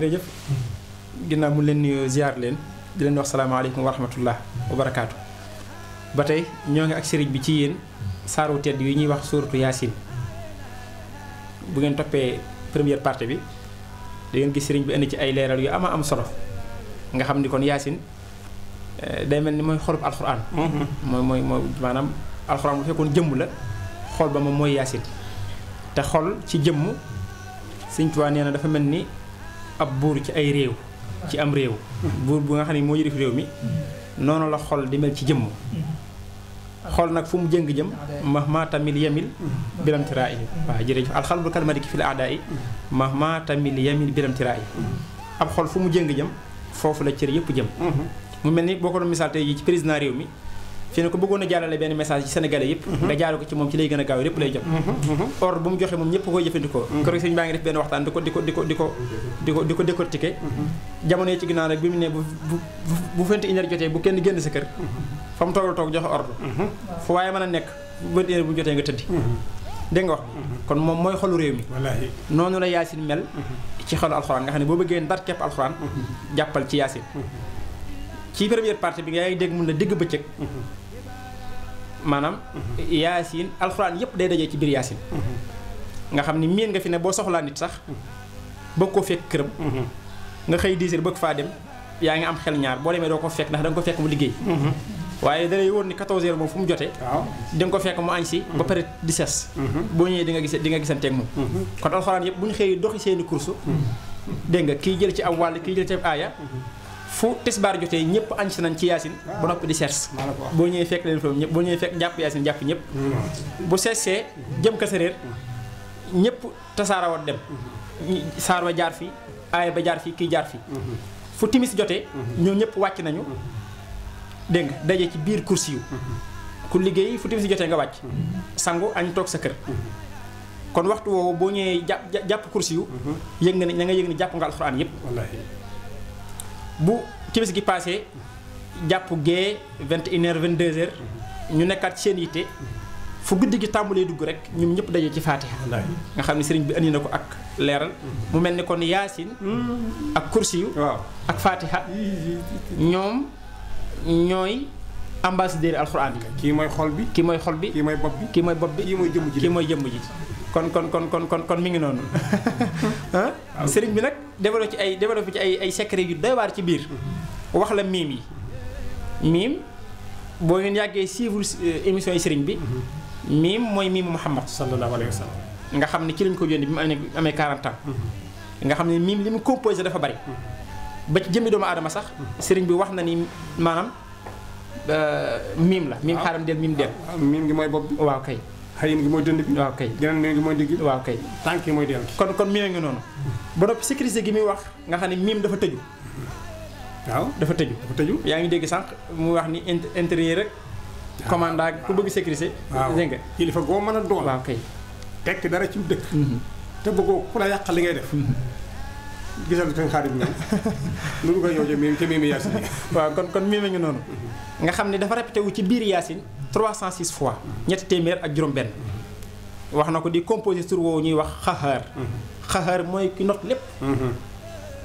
jërëjëf ginnaaw mu leen nuyu ziar leen di leen wax alaykum wa rahmatullah wa barakaatu. ba tey ñoo ngi ak sëriñ bi ci yéen saaru tedd yi ñuy wax yaasin bu ngeen toppee première partie bi da ngeen gis sëriñ bi indi ci ay leeral yu ama am solo nga xam ni kon yaasin eh, day mel ni mooy xolub alxuraan. Mm-hmm. mooy mooy mooy maanaam alxuraan bu fekkoon jëmm la xol ba moom mooy yaasin te xol ci jëmm Sëriñ Tuubaa nee na dafa mel ni. ab buur ci ay réew ci am réew buur bu nga xam ne moo yërif réew mi noonu la xol di mel ci jëmm xol nag fu mu jëng jëm ma ma tamil yamil bilam tiraa yi waaw jërëjëf alxalbul kalmadiki fi la aada yi ma ma tamil yamil bilam tiraa yi ab xol fu mu jëng jëm foofu la cër yëpp jëm mm-hmm. mu mel ni boo ko doon misaal tey ji ci président réew mi fii ne ko bëggoon a jàllale benn message ci sénégalais yëpp mhm. nga jaare ko ci moom ci lay gën a gaaw yëpp lay jot mhm. Mhm. or bu mu joxee moom ñëpp koy jëfandikoo keroog sëñ baa ngi def benn waxtaan di ko di ko di ko di ko di ko di ci ginnaaw rek bi mu ne bu bu fenti une heure jotee bu kenn génn sa kër fa mu toogal toog joxe ordre fu waaye mën a nekk bu fenti une heure bu jotee nga tëddi dégg kon moom mooy xolu réew mi noonu la yaasin mel ci xolu alxuraan nga xam ne boo bëggee ndar ci première partie bi ngay dégg mun la digg bëccëg maanaam yaasin alxuraan yépp day dajee ci biir yaasin nga xam ni miin nga fi ne boo soxlaa nit sax ba ko fekk këram nga xëy diisir bëgg faa dem yaa ngi am xel ñaar boo demee doo ko fekk ndax da nga ko fekk mu liggéey waaye da lay wóor ni 14 heures moom fu mu jotee da nga ko fekk mu añ si ba pare di ses boo ñëwee di nga gis di nga gisanteeg moom kon alxuraan yépp bu ñu xëy doxi seeni course dégg nga kii jël ci am wàll kii jël ci am aaya fu tisbaar jotee ñëpp añ si nañ ci yaasin ba noppi di sers boo ñëwee fekk leen foofu ñëpp boo ñëwee fekk jàpp yaasin jàpp ñëpp mm-hmm. bu seesee jëm ka séréer ñëpp tasaara woon dem mm-hmm. saar ba jaar fi aay ba jaar fi kii jaar fi mm-hmm. fu timis jotee ñoo ñëpp wàcc nañu dégg nga daje ci biir kursi yu ku liggéey fu timis jotee nga wàcc sangu añ toog sa kër kon waxtu woowu boo ñëwee jàpp jàpp kursi yu yëg nga ne na nga yëg ni jàpp nga alxuraan yëpp bu timis gi passé jàpp gee vingt une heure vingt deux heures ñu nekkaat seen yitte fu guddi gi tàmbalee dugg rek ñoom ñëpp daje ci faatiha nga xam ne sëriñ bi andi na ko ak leeral mu mel ni kon yaasin ak kursi yu waaw ak faatiha ñoom ñooy ambassadeur alxuraan mooy xol bi kii mooy xol bi kii mooy bopp bi kii mooy bopp bi kii mooy jëmm ji kii mooy jëmm ji kon kon kon kon kon kon mi ngi noonu sëriñ bi nag développé ci ay développé ci ay ay secret yu doy waar ci biir wax la miim yi miim boo ngeen yàggee suivre euh, émission yi sëriñ bi miim mooy miimu Muhammad sallallahu alayhi wa sallam nga xam ne ci lañ ko yónnee bi mu amee 40 nga xam ne miim li mu composé dafa bari ba ci jëmmi doomu aadama sax sëriñ bi wax na ni maanaam euh, miim la miim ah. xaaram del miim del ah, miim gi mooy bopp bi waaw kay xarim gi mooy dënd bi waaw kay geneen gi mooy digg waaw kay tànk yi mooy deel kon kon miim ngi noonu ba noppi sécurité gi muy wax nga xam ne miim dafa tëju waaw dafa tëju dafa tëju yaa ngi dégg sànq mu wax ni intérieur rek commanda ku bëgg sécurité waaw dégg nga kilifa goo mën a doon waaw kay tekki dara ci dëkk mhm. te bëggoo ku la yàqal li ngay def mhm. gisal tan xarit ñoom lu ko yow ci miim ci miim waaw kon kon miim ngi noonu mhm. nga xam ne dafa répété wu ci biir yaasin 306 fois ñet téeméer ak juroom ben wax ko di composé sur woowu ñuy wax khahar khahar moy ki not lepp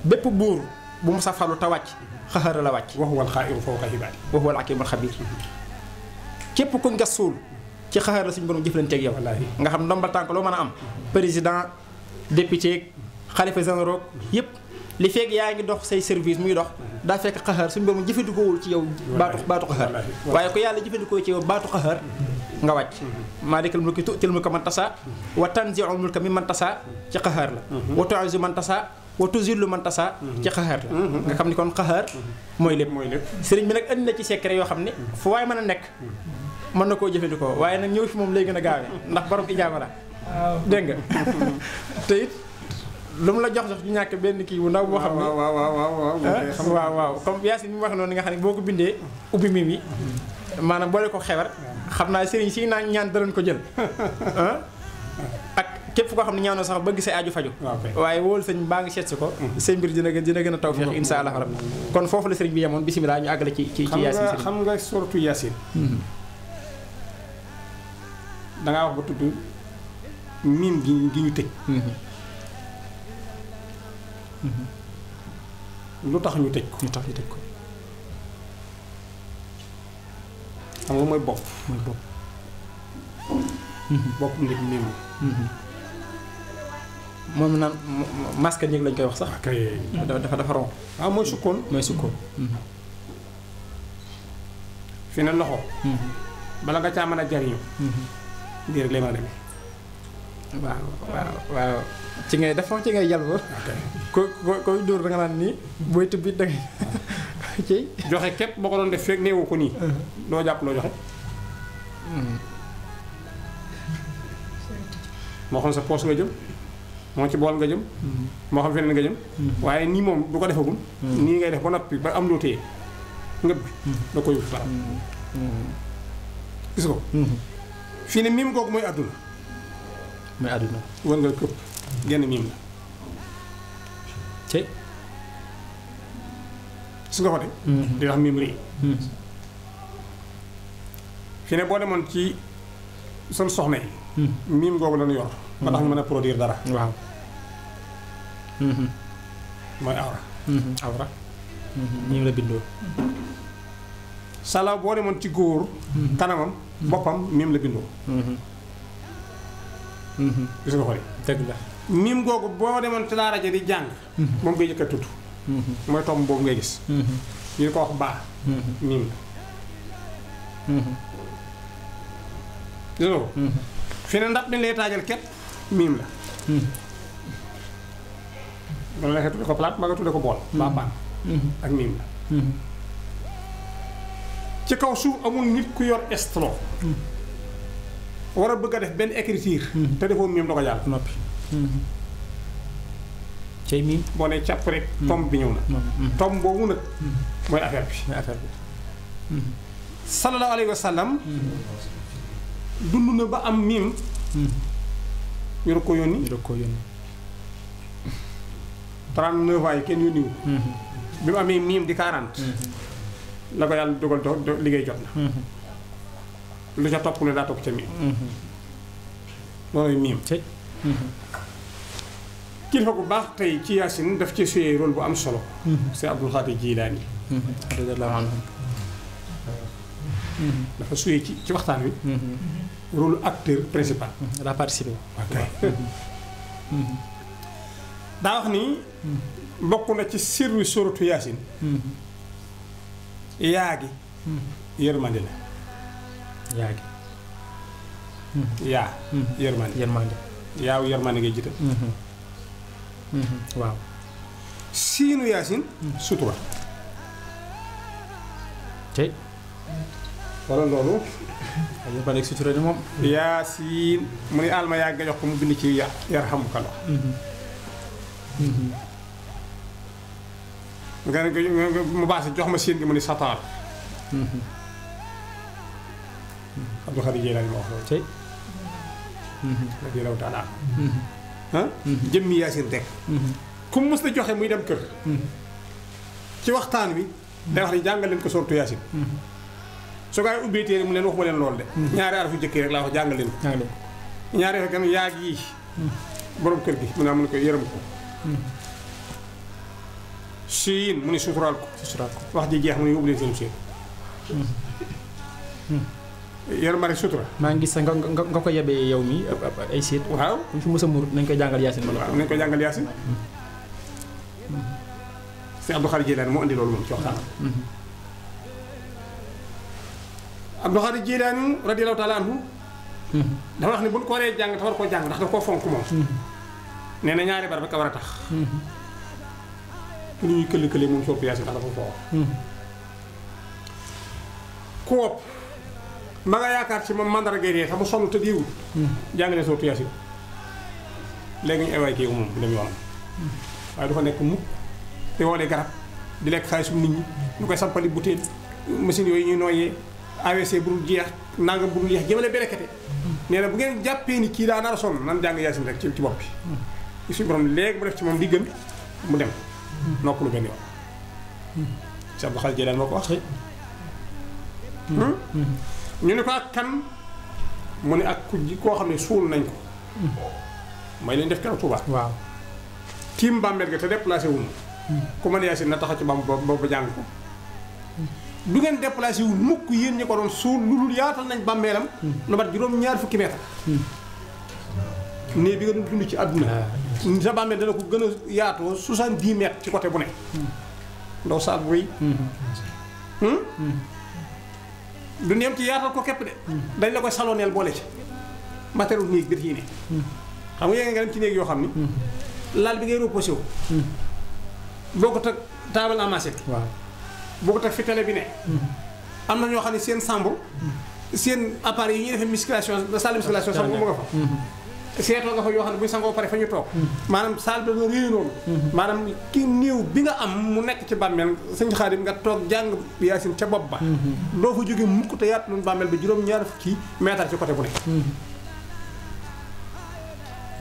bepp bour bu mu safalu ta wacc khahar la wàcc wax wal xaayiru fawqa wa huwa al akim al khabir kuñ ku ngassul ci khahar la suñu borom ak yow nga xam ndombal tank lo mën am président député xalifa généraux yépp li fekk yaa ngi dox say service muy dox daa fekk xaxar suñu borom jëfandikoowul ci yow baatu baatu xaxar waaye ko yàlla jëfandikoo ci yow baatu xaxar nga wàcc mm-hmm. maalikal mulki tu'til mulka man tasa mm-hmm. wa tanzi'ul mulka mimman tasa ci xaxar la mm-hmm. wa tu'izzu man tasa wa tuzillu man tasa ci xaxar la nga xam ni kon xaxar mooy lépp mooy lépp sëriñ bi nag andi na ci secret yoo xam ne fu waaye mën a nekk mën na koo jëfandikoo waaye nag ñëw fi moom lay gën a gaawee ndax borom ijaaba la dégg nga lum la jox jox ñu ñak benn ki wu ndaw bo xam waaw waaw waaw waaw waaw waaw ah, waaw comme yaasin bi wax non nga xam boko bindé ubi bindee ubbi mi mi maanaam boole ko xewar xamna naa sëriñ si naa ñaan danañ ko jël ah? ak képp ko xamni ñaanu sax ba say aju faju ah, waaye wol sëñ ba nga seet ko mm-hmm. say mbir dina gën dina gëna tawfiq inshallah feex rabbi mm-hmm. kon fofu la sëriñ bi yamon bismillah ñu agal ci ci ci yaasin sëriñ xam nga surtout da nga mm-hmm. wax ba tuddu mim gi ñu tej Mhm. lu tax ñu tej ko ñu tax ñu tej ko xam nga mooy bopp mooy bopp mhm. bopp nit néew mhm. moom naan masque ñi lañ koy wax sax dafa dafa ron ah mooy sukkoon mooy sukkoon fi ne loxo bala nga caa mën a jariñu lii lay mën a demee waaw waaw waaw ci ngay def foofu ci ngay yalwa. ko ko koy dóor da naan nii. booy tëb it ci joxe képp boo ko doon def feeg néewu ko nii. Uh-huh. loo jàpp loo joxe. Hmm. moo xam sa poos nga jëm. moo ci bool nga jëm. Hmm. moo xam feneen nga jëm. Hmm. waaye nii moom du ko defagul nii ngay def ba noppi ba am loo téye. ngëb bi da koy wut gis ko. fii ne mim googu mooy àdduna. mooy àdduna wër nga këpp genn miim la ci su nga xoolee. di wax miim rii. fi ne boo demoon ci sun soxna yi. Mm-hmm. miim googu la yor. ba tax ñu mën a produire dara. waaw. Mm-hmm. mooy awra. Mm-hmm. awra. miim la bindoo. sala boo demoon ci góor. kanamam boppam miim la bindoo. gis nga ko de. dëgg la mim googu boo demoon ci laa ja di jàng. moom ngay njëkk a mooy tomb boobu ngay gis. ñu di ko wax baa. mim la. gis nga ndax dañu lay taajal ket mim la. mën na la tudde ko palaat ma nga tudde ko bool. baa baan ak mim la. ci kaw suuf amul nit ku yor estro war a bëgg a def benn écriture. Mhm. te defoo miim da ko jàll noppi. Mhm. cey miim boo nee càpp rek. Mhm. tomb bi ñëw na. tomb boobu nag. mooy affaire bi mooy affaire bi. sallallahu alayhi wa sallam. dund na ba am miim. ñu doog koo yónni ñu doog koo yi kenn yónniwu. bi mu amee miim di 40. la ko yàlla dugal doog liggéey jot na. lu ca topp ne daa topp ca miim loolu miim kilifa bu baax tey ci yaasin daf ci suyee rôle bu am solo c'est Abdul Xaadir Jilaani radiyallaahu anhu dafa suyee ci ci waxtaan wi rôle acteur principal daa participé daa wax ni bokk na ci sirru suratu yaasin yaa gi yërmande la yaa gi yaa yërmande yërmande yaaw yërmande ngay jiital waaw siinu yaasin sutura tey wala loolu ay ba nek sutura de mom yasin mu ni alma ya nga jox ko mu bind ci ya yarhamu kala nga nga mu baasi jox ma seen gi mu ni satar Abdou Xaadir Jilaani ma wax loolu tey. radiyallaahu taala ah. Yaasin Tek. ku mës la joxe muy dem kër. Mm-hmm. ci waxtaan wi. day wax ni jàngal ko sortu Yaasin. Mm-hmm. su ko ay ubbee téere mu leen waxuma leen lool de. Mm-hmm. ñaari fu jëkk rek laa wax jàngal leen ko. ñaari arafu gën yaa gi borom kër gi mu ne ah mu ne ko yërëm ko. siin mu ne suturaal ko. suturaal ko wax ji jeex mu ne yóbbu leen seen séen. yor mari sutura ma ngi sa nga ko yabe yow mi ay sit waaw fu musa mur nañ koy jangal yasin waaw nañ koy jangal yasin ci abdou khari jilani mo andi lolou mom ci waxtaan abdou khadir jilani radiyallahu ta'ala anhu da wax ni bu ko re jang ta ko jang ndax da ko fonk mom neena ñaari barba ka wara tax ñu ñuy keul mom sopp yasin da ko fo ko ma nga yaakaar ci moom mandarga yi xam nga sonn te diwul. Hmm. jàngale soo tuyaas yi léegi ñu évacué moom dem yoonam. waaye du fa nekk mukk di woote garab di lekk xaalis nit ñi ñu koy sampali butéel machine yooyu ñuy nooyee AVC bu dul jeex nangam bu dul jeex jëmale berekete. Hmm. nee na bu ngeen jàppee ni kii daa nara a sonn nan jàng yaasin rek ci ci bopp bi. Hmm. suñu borom léegi mu def ci moom di gën mu dem. noppalu benn yoon. ko wax. ñu ne ko ak kan mu ne ak ku koo xam ne suul nañ ko. may leen def keroog Touba. waaw tiim bàmmeel ga te déplacé wu ñu. ku mën yaasin na taxaw ci bam ba ba jàng ko. du ngeen déplacé wu mukk yéen ñi ko doon suul lu dul yaatal nañ bàmmeelam. lu mat juróom ñaar fukki meetar. néeg bi nga doon dund ci àdduna. sa bàmmeel dana ko gën a yaatoo 70 mètres ci côté bu ne. ndaw saat buy. du neem ci yaatal ko képp de. dañ la koy saloneel boole ci matériel néeg bi ci ne. xam nga yéen nga dem ci néeg yoo xam ni. laal bi ngay reposé wu. boo ko teg taabal amassé. waaw boo ko teg fi bi ne. am na ñoo xam ne seen sambre. seen appareil yi ñuy defee musculation salle de musculation sax mu nga fa. Mm-hmm. seeto nga fa yo xamne ne sango pare fa ñu tok manam sal bi ñu réy non manam ki niw bi nga am mu nekk ci bammel señ xadim nga toog jàng yasin ci bop ba do fa joge mukk te yat lu bammel bi juroom ñaar fukki meetar ci côté bu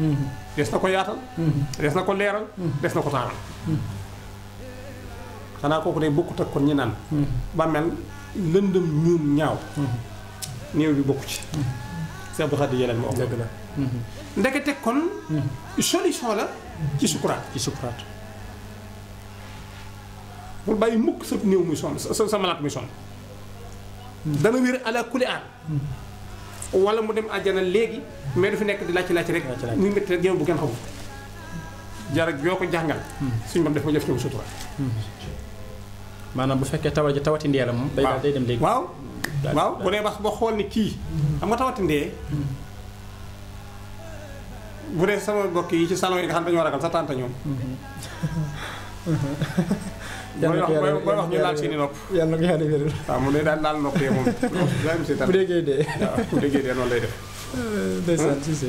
ne des na ko yaatal des na ko leral des na ko taaral xanaa kooku day bokkut tak kon ñi nan bammel lëndëm ñuun ñaaw niw bi bokku ci Seex Abdou Khadre mo la ndekete kon. Mhm. solution la ci sukuraat. ci sukuraat. bul bàyyi mukk sa néew muy sonn sa sa malaat muy sonn. Mhm. dana wér ala kulli aan. Mhm. wala mu dem àjjana léegi mais du fi nekk di laaj ci laaj rek. muy métti rek yow bu ngeen xamul. jarak yoo ko jàngal. suñu borom def ma def ci sutura. maanaam bu fekkee tawa ji tawati ndee la moom. day day dem léegi waaw waaw bu dee baax xool ni kii. xam nga tawati ndee. bu dee sama mbokk yi ci salon yi nga xam dañoo ragal sa tànta ñoom. booy wax booy wax ñu laal seeni nopp. yàlla na ko yàlla wéral. waaw mu ne daal laal nopp yee moom. bu déggee dee. waaw bu déggee dee noonu lay def. Euh, ndeysaan Cissé.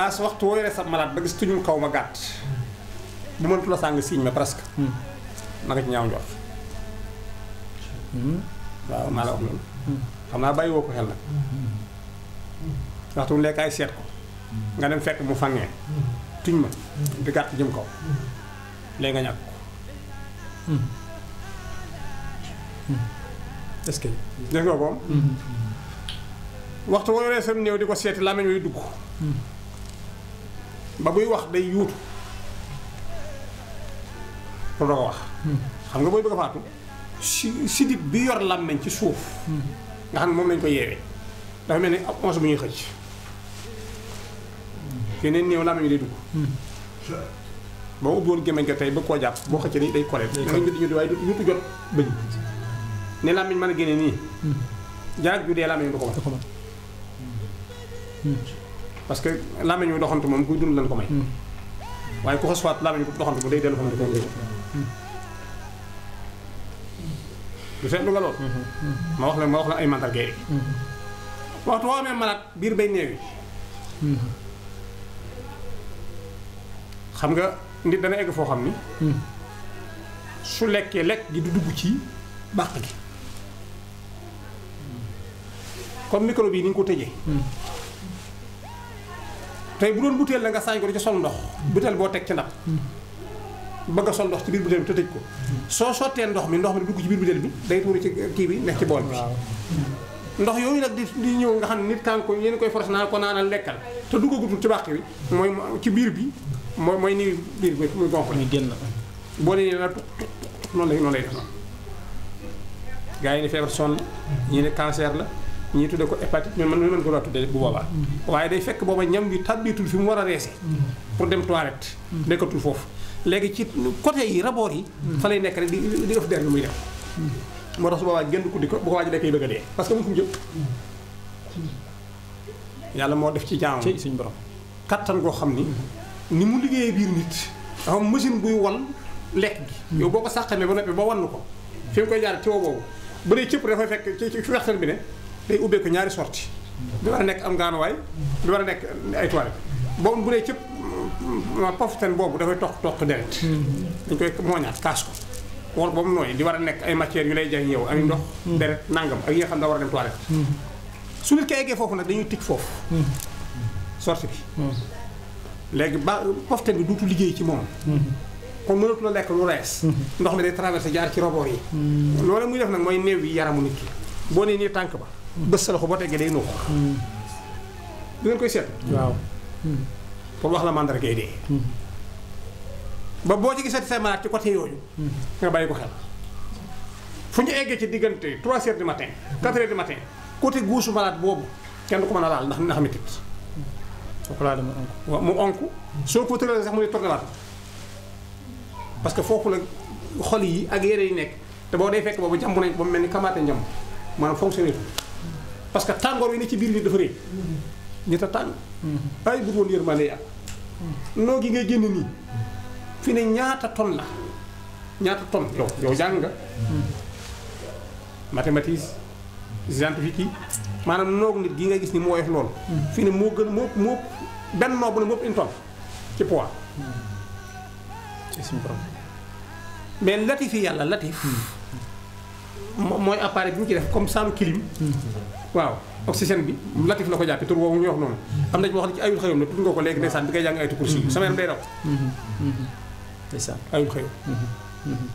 ah su waxtu woo yore sa malaat ba gis tuñum kaw ma gàtt. bu mëntu la sàng siiñ ma presque. Hmm. na nga ci ñaaw njort. Hmm. waaw maa la wax loolu. Hmm. xam naa bàyyi woo ko xel nag. waxtu lekk ay seet ko nga dem fekk mu fangee tuñ ma di gàtt jëm kaw léegi nga ñàkk ko que def nga ko waxtu woo yoree néew di ko seeti làmmiñ wuy dugg ba buy wax day yuutu pour doo ko wax xam nga booy bëgg a faatu si sidit bi yor làmmiñ ci suuf nga xam ne moom lañ ko yeewee dafa mel ni ab once bu ñuy xëcc keneen néew laa mi day dugg hmm. boo ubboon gémmañ ga tey ba koo jàpp boo xëccee day koleet danga ñu ñu waaye du jot bëñ ne làmmiñ mën a génne nii hmm. jaag ju dee làmmiñ du ko mën hmm. parce que làmmiñ ñu doxantu moom kuy dund lan ko may waaye ku xosfaat làmmiñ bu doxantu bu day dellu xam ko du seetlu nga lool ma wax la ma wax la ay mandarga yi waxtu woo amee malat biir bay néew xam nga nit dana egg foo xam ni. Hmm. su lekkee lekk di du dugg ci bàq gi. comme microbe yi ni nga ko tëjee. Hmm. tey bu doon butéel la nga saañ ko di ca sol ndox. Hmm. butéel boo teg ci ndab. bëgg a sol ndox ci biir butéel bi ko. soo sottee ndox mi ndox mi di ci biir butéel bi day tuuru ci kii bi nekk ci bool bi. ndox yooyu nag di di ñëw nga xam ne nit kaan ko yéen koy force naa ko naanal lekkal te dugg duggagutul ci bàq bi mooy ci biir bi. mooy mooy nii biir bi muy gonk ni génn boo nee nag noonu lay noonu lay def noonu gars yi ne cancer la ñii tudde ko hépatite ñun mën mën ko laa tudde bu boobaa mm-hmm. waaye day fekk booba ñam bi tàbbitul fi mu war a reese mm-hmm. pour dem toilette mm-hmm. nekkatul foofu léegi ci côté yi raboor yi fa lay nekk rek di di ëf der bi muy def moo tax su boobaa génn di ko bu ko waaj dekkee bëgg a dee parce que mu fu mu jëm yàlla moo def ci jaamam suñ borom kattan goo xam ni ni mu liggéeyee biir nit dafa am machine buy wan lekk gi hmm. yow boo ko sàqamee ba noppi ba wann ko fi nga koy jaar ci woo boobu bu dee cëpp dafay fekk ci ci bi ne day ubbee ñaari sorti a nekk am gaanuwaay bi war a nekk ay toilette boobu bu dee cëpp mm, mm, poftan boobu dafay toq toq deret hmm. dañ koy mooñaat kaas ko war ba mu nooy di war a nekk ay matières yu lay jaay yow ak ndox hmm. deret nangam ak yi xam da war a dem toilette su nit eggee foofu nag dañuy tig foofu sorti bi léegi ba poften bi duutu liggéey ci moom mm-hmm. kon mënatu la lekk lu rees mm-hmm. ndox mi day traversé jaar ci robor yi mm-hmm. loole muy def nag mooy néew yi yaramu nit ki boo nee nii tànk ba bës sa loxo boo teggee day nuux du ngeen wax la mandargay ba boo ci gisati say malaat ci côté yooyu nga bàyyi ko xel fu ñu eggee ci diggante trois heures du matin 4 heures du matin côté guusu malaat boobu kenn du ko mën a laal ndax ndax metit foofu waaw mu onk soo ko tëralee sax mu ne parce que foofu la xol yi ak yére yi nekk te boo day fekk boobu jàmb nañ ba mu mel ni kamaate njàmb maanaam fonctionné parce que tàngoor yi ne ci biir ni dafa rëy ñu ta tàng ay mm-hmm. bu woon yërmande ya mm-hmm. noo gi ngay génn nii fi ne ñaata ton la ñaata ton yow yow jàng nga mm-hmm. scientifique yi maanaam noogu nit gi nga gis ni moo woyof loolu hmm. fii ne moo gën moo moo benn noobu ne moo ëpp une ci poids ci suñu borom mais latif yi yàlla latif hmm. Hmm. mooy appareil bi ñu ci def comme saalu kilim waaw oxygène bi latif la ko jàppe tur woowu ñu wax noonu am na ci wax ci ayul xëyum la tudd nga ko léegi ndeysaan bi ngay jàng ayatu kursi sama yaram day raw ayul xëyum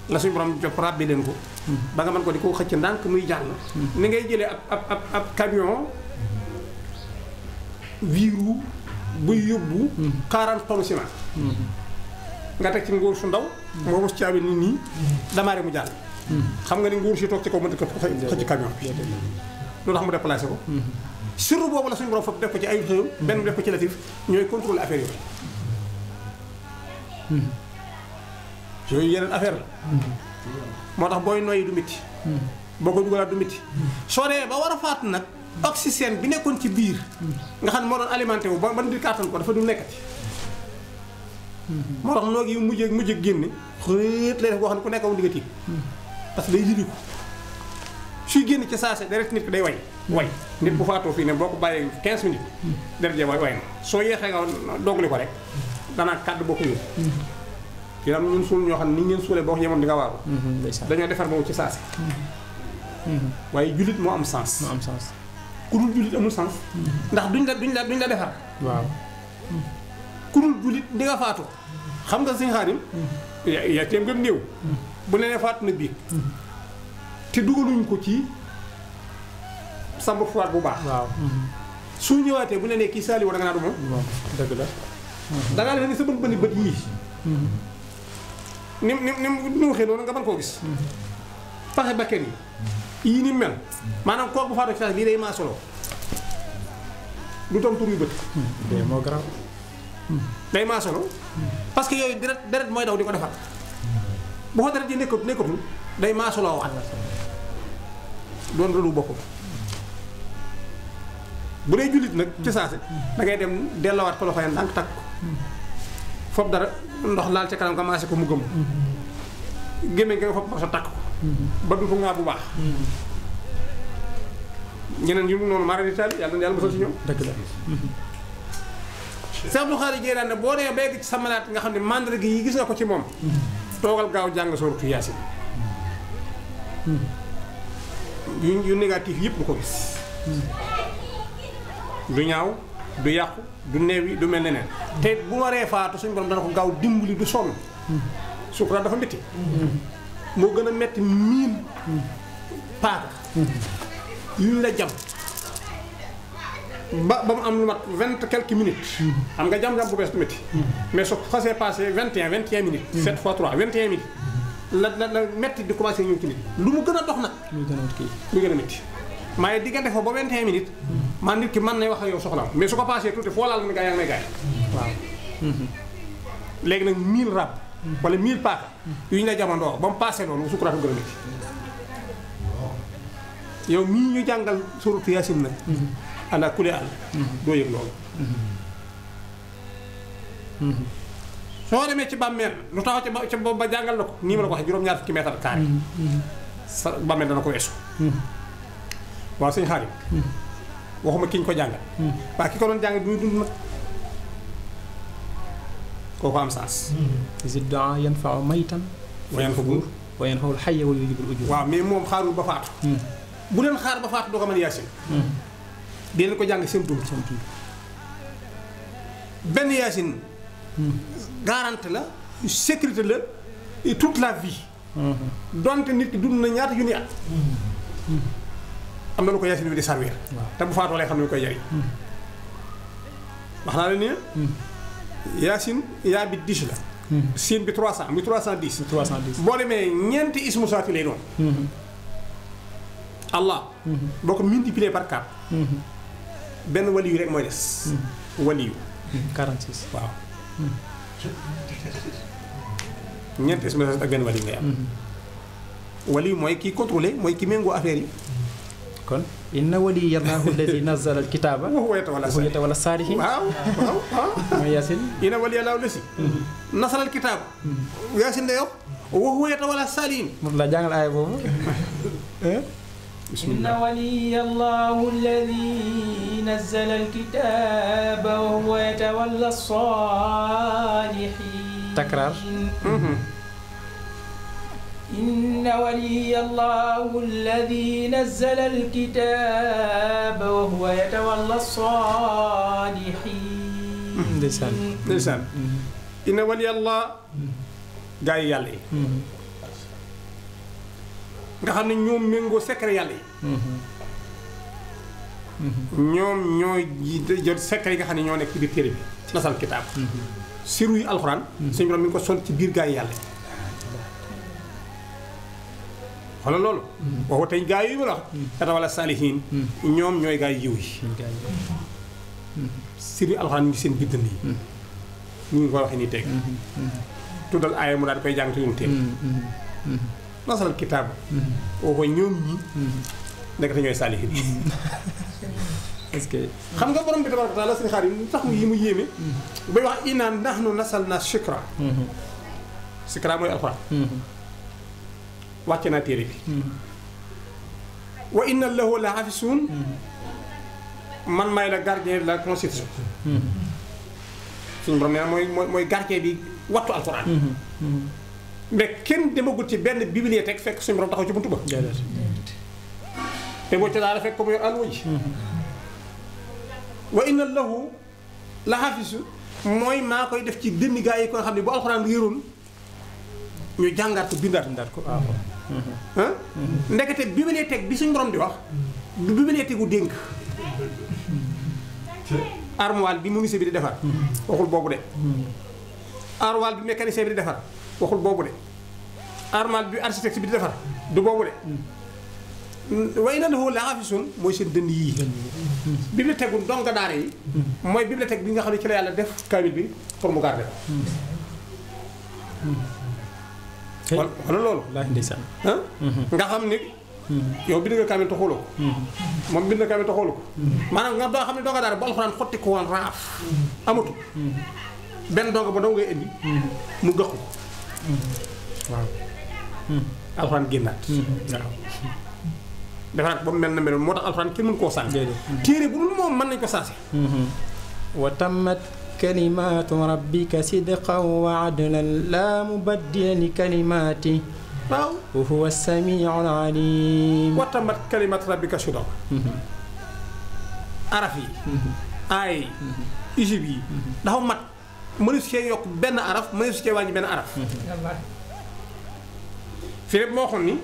la suñu borom jox rabbi len ko ba nga man ko diko xëc ndank muy jall ni ngay jëlé ab ab ab ab camion viru bu yobbu 40 tonnes ciment nga tek ci ngor su ndaw moo mos caabi ni nii damaare mu jall xam nga ni ngor si tok ci kaw mënta ko ci camion lu tax mu déplacer ko suru bobu la suñu borom fop def ko ci ay xëyam benn def ko ci latif ñoy contrôle affaire yi yooyu yeneen affaire la mm-hmm. moo tax booy noyyi du métti mm-hmm. boo ko dugalaat du métti mm-hmm. soo dee ba war a faatu nag oxygène bi nekkoon ci biir nga xam ne moo doon alimenté wu ba ban di kàttan ko dafa du nekkati moo tax noog yi mujj ak mujj ak génne xëet lay def boo xam ne ku nekk amu digga parce que day liri ko suy génn ca saase deret nit ko day way way nit bu faatoo fii ne boo ko bàyyee 15 minutes deret ja way way na soo yeexee nga doggali ko rek danaa kàddu boo dina am ñun sul ñoo xam ni ngeen sulé boo ko yemoon di nga waaru mhm, dañoo defar moom ci saasi mhm. Mhm. waaye julit moo am sens mo am sens ku dul julit amul sens ndax duñ la duñ la duñ la defar waaw ku dul julit di nga faatu xam nga sëñ xaarim ya tém ya gëm néew bu leene ne faatu na bi te dugaluñ ko ci sambu fuat bu baax waaw su ñewate bu ne ne ki sali war nga na du moom deug la da nga defe ne sa bën bëni bët yii ni mu ni mu ni mu waxee noonu nga mën koo gis. faxe bakken yi yii ni mel maanaam kooku bu faatu ci lii day maa solo du doon tur yu bët. day moo garaaw. day maa solo parce que yooyu deret deret mooy daw di ko defar bu ko deret yi nekkatu nekkatul day maa solo waat doon rëlu boppam. bu dee jullit nag ci saase da ngay dem dellowaat ko loxo yam ndànk takk ko fob dara ndox laal ci kanam commencé ko mu gëm gémmeñ nga fob ko sa takk ba du ko nga bu baax ñeneen yu non mara di taal yalla yàlla mosal ci ñoom dëgg la Cheikh Bukhari jéeraan na bo demee bay ci sa malaat nga xamni ne gi yi gis nga ko ci mom togal gaaw jàng sooratu yaasin yu yu négatif yëpp ko gis du mm. ñaaw du yàqu du néew yi du mel neneen mm-hmm. te bu waree faatu suñu borom dana ko gaaw dimbali du sol sonn mm-hmm. suukuraat dafa métti mm-hmm. moo gën a métti miin paaka yuñ la jam ba ba mu am lu mat vingt bu bees du métti mais su xasee passé vingt et un vingt et la la la di commencé ñëw lu gën a dox nag lu gën a métti maaye diggante foofu ba 21 minutes man nit ki man nay wax ak yow mais su ko passé tuuti foo laal nga ne gaa yaa ngi may gaañ waaw léegi nag mii rab wala 1000 paaka yu ñu la jamandoo ba mu passé loolu sukuraatu gën a ñu jàngal suratu yaasin nag ala kule àll doo yëg demee ci bàmmeel lu taxaw ci ba ci ba jàngal la ko nii ma la ko waxee juróom-ñaar fukki mètre bàmmeel dana ko weesu waaw sëñ xaarim waxuma ki ñu ko jàngal waaye ki ko doon jàngal du dund nag kooku am sens si daa yan faaw maytan wayan fa buur wayan fawul xayya wala yujibul ujur waaw mais moom xaarul ba faatu hmm. bu leen xaar ba faatu doo ko mën yaasin hmm. di leen ko jàng seen dund seen dund benn yaasin hmm. garante la sécurité la tout la vie donte nit ki dund na ñaata junni at am na lu ko yaasin bi di servir. te bu faatoo lay xam ne ñu koy jariñ. Hmm. wax naa la hmm. ne. yaasin yaa bi dix la. Hmm. siin bi trois cent bi trois cent dix. trois cent dix boo demee ñeenti ismu saati lay doon. allah. boo ko multiplier par quatre. benn waliyu rek mooy des. waliyu. 46 waaw. ñeenti ismu ak benn waliyu ngay am. waliyu mooy kii contrôlé mooy ki méngoo affaire yi. كن إن ولي الله الذي نزل الكتاب وهو يتولى وهو يتولى الصالحين واو واو ما ياسين إن ولي الله الذي نزل الكتاب ياسين ده وهو يتولى الصالحين مطلع جان الآية بو إيه؟ بسم الله إن ولي الله الذي نزل الكتاب وهو يتولى الصالحين تكرار إن ولي الله الذي نزل الكتاب وهو يتولى الصالحين ndeysaan ndeysaan inna wali yàlla gaa yi yàlla yi nga xam ne ñoom méngoo secret yàlla yi ñoom ñoo jot secret yi nga xam ne ñoo nekk ci biir téere bi nasal kitaab siru yi alxuraan suñu borom mi ngi ko sol ci biir gaa yi yàlla yi wala lolu mm-hmm. waxu tay gaay yu la tata mm-hmm. wala salihin mm-hmm. ñom ñoy gaay yiw yi siri alquran ngi seen bidd ni ñu ko wax ni tek tudal ay mu daal koy jang tudum tek nasal kitab o ko ñom ñi nek ñoy salihin est ce que xam nga borom bi tabaraka taala seen xaar tax mu yi mu bay wax inna nahnu nasalna shukra واتنا تيريك وان الله لعفسون من ماي لا غارديان لا كونستيتيون سون برومير موي موي غارتي بي واتو القران مي كين ديموغول تي بن بيبليوتيك فك سون بروم تاخو تي بونتو با وان الله لحافظ موي ما كاي ديف تي دمي غاي كو خامني بو القران ييرون ñu jàngaat ko bindaat ndaat ah ndekete teg bi suñ borom di wax du bibliothèque tegu dénk armoire bi menuisier bi di defar waxul boobu de armoire bi di defar waxul boobu de armoire bi architecte bi di defar du boobu de way na dafa laa afisun mooy seen dënd yii bibliothèque gu donga daara yi mooy teg bi nga xam ne ci la yàlla def kaamil bi pour mu garder ko wala loolu. ndeysaan mm-hmm. nga xam ni. Mm-hmm. yow bind nga kaamil taxuloo ko. Mm-hmm. moom bind nga kaamil taxuloo ko. maanaam nga doo xam ne donga daara bu alxuraan xotti ko woon raaf. amatu. benn donga ba dong ngay indi. mu gëx ko. waaw. alxuraan génnaat. defaraat ba mu mel na mel moo tax alxuraan kenn mën koo sànni. téere bu dul moom mën nañ ko saase. wa كلمات ربك صدقا وعدلا لا مبدل لكلماته نعم. وهو السميع العليم وتمت كلمات ربك صدقا عرفي اي ايجيبي داو مات مانيسكي يوك بن عرف مانيسكي واني بن عرف فيليب موخوني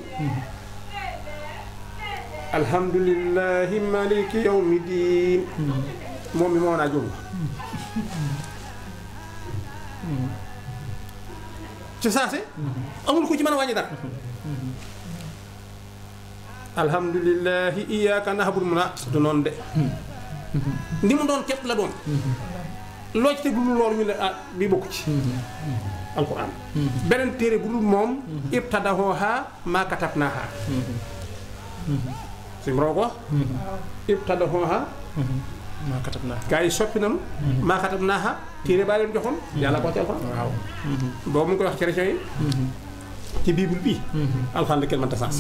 الحمد لله مالك يوم الدين مومي مونا جوم Mm-hmm. ci saase mm-hmm. amul ku ci mën a wàññi dara mm-hmm. alhamdulillahi iyyaka na'budu mun a du noonu de li mu doon képp la doon loo ci teg lu loolu ñu ne ah bi bokk ci alquran beneen téere bu dul moom ibtadahooha maa katabnaaha suñu boroo ko ibtadahooha maa katab naa gaa yi soppi nanu maa mhm. katab naaxa téere baa leen joxoon mhm. yàlla ko ci alxuraan waaw mhm. boobu mu ngi koy wax ci région yi ci bible bi alxuraan la kenn mënta sax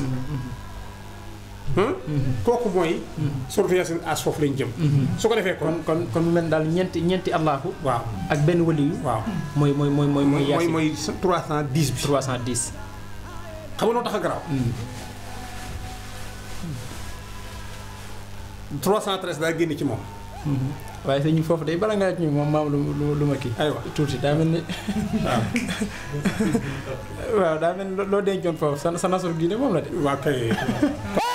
kooku lañ jëm su ko kon kon kon daal ñeenti ñeenti allahu ak benn waliyu waaw mooy mooy mooy mooy mooy Yaasin mooy 310 bi 310 xam nga a garaaw 313 daa génn ci moom Mm-hmm. waaye sëñ foofu day bala ngaa ñu moom maam lu lu ma kii aywa tuuti daa mel ni. Ah. waaw daa mel ni loo dencoon foofu sa sa nasur gi de moom la de. waa kay.